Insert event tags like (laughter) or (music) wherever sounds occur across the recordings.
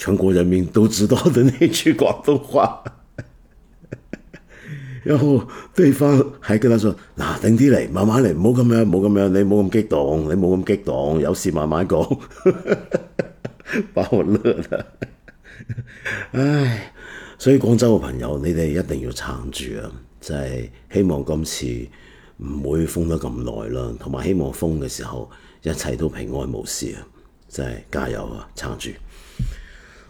全國人民都知道的那句廣東話， (laughs) 然後對方還跟他說，嗱，定啲嚟，慢慢嚟，唔好咁樣，唔好咁樣，你唔好咁激動，你唔好咁激動，有事慢慢講。把我攣啦， (laughs) 唉，所以廣州嘅朋友，你哋一定要撐住啊！真係希望今次唔會封得咁耐啦，同埋希望封嘅時候，一切都平安無事啊！真係加油啊，撐住！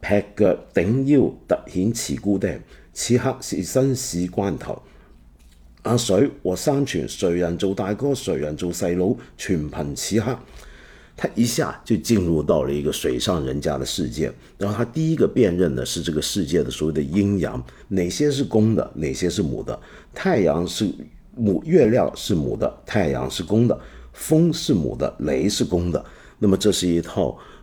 劈腳頂腰凸顯似固定，此刻是一生死關頭。阿水我山泉，誰人做大哥，誰人做細佬，全憑此刻。他一下就進入到了一個水上人家的世界，然後他第一個辨認的是這個世界的所謂的陰陽，哪些是公的，哪些是母的。太陽是母，月亮是母的，太陽是公的，風是母的，雷是公的。那麼這是一套。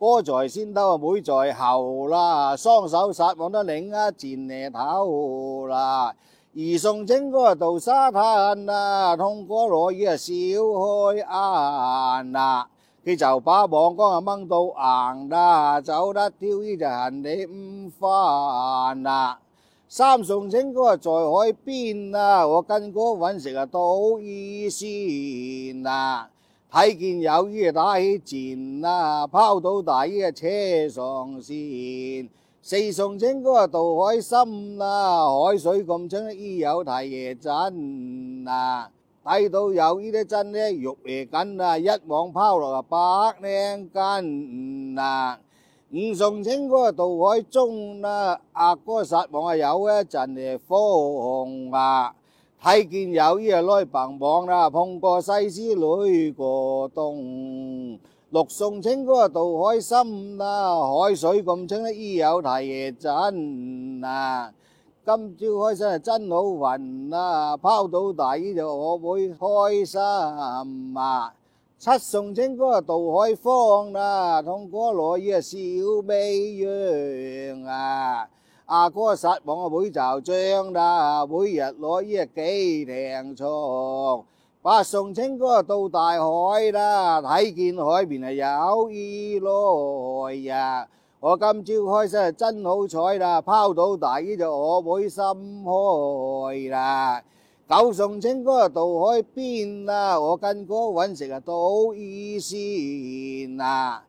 哥在先兜啊，妹在後啦，雙手撒網得擰一轉頭啦。二送青哥啊，到沙灘啊，通哥攞嘢啊，燒開眼啊，佢就把網杆啊掹到硬啦，走得丟呢就行你唔翻啦。三送青哥啊，在海邊啊，我跟哥揾食啊，到意思啦。睇見有魚打起陣啊，拋到大魚嘅車上先。四崇清哥啊，渡海深啊，海水咁清，依有提夜真啊。睇到有魚啲真呢，肉葉緊啊，一網拋落啊，百兩斤啊。五崇清哥啊，渡海中啊，阿哥實望一啊，有一陣嘅風啊。睇見友伊啊，攞棒棒啦，碰過西施女過冬，六送清哥渡海心啦，海水咁清，依有提也真啊，今朝開心啊真好運啊，拋到底就我會開心宋開啊，七送清哥渡海方啦，同哥來日笑悲揚啊。阿哥撒網我妹就張啦，每日攞魚啊幾艇倉，八送青哥到大海啦，睇見海邊係有魚咯，呀，我今朝開心啊，真好彩啦，拋到大魚就我妹心開啦，九送青哥到海邊啦，我跟哥搵食啊到意思啦。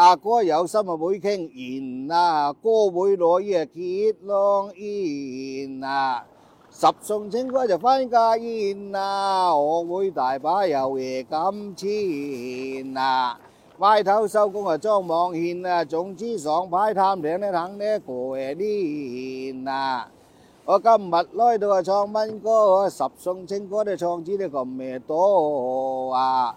阿哥有心啊，會傾言啊。哥會攞嘢結郎言啊。十送情哥就返家言啊，我會大把油鹽金錢啊，歪頭收工啊，裝網欠啊，總之上牌探平呢，省呢貴啲言啊。我今日來都啊，唱民歌，我十送情哥的唱詞呢，咁咩多啊？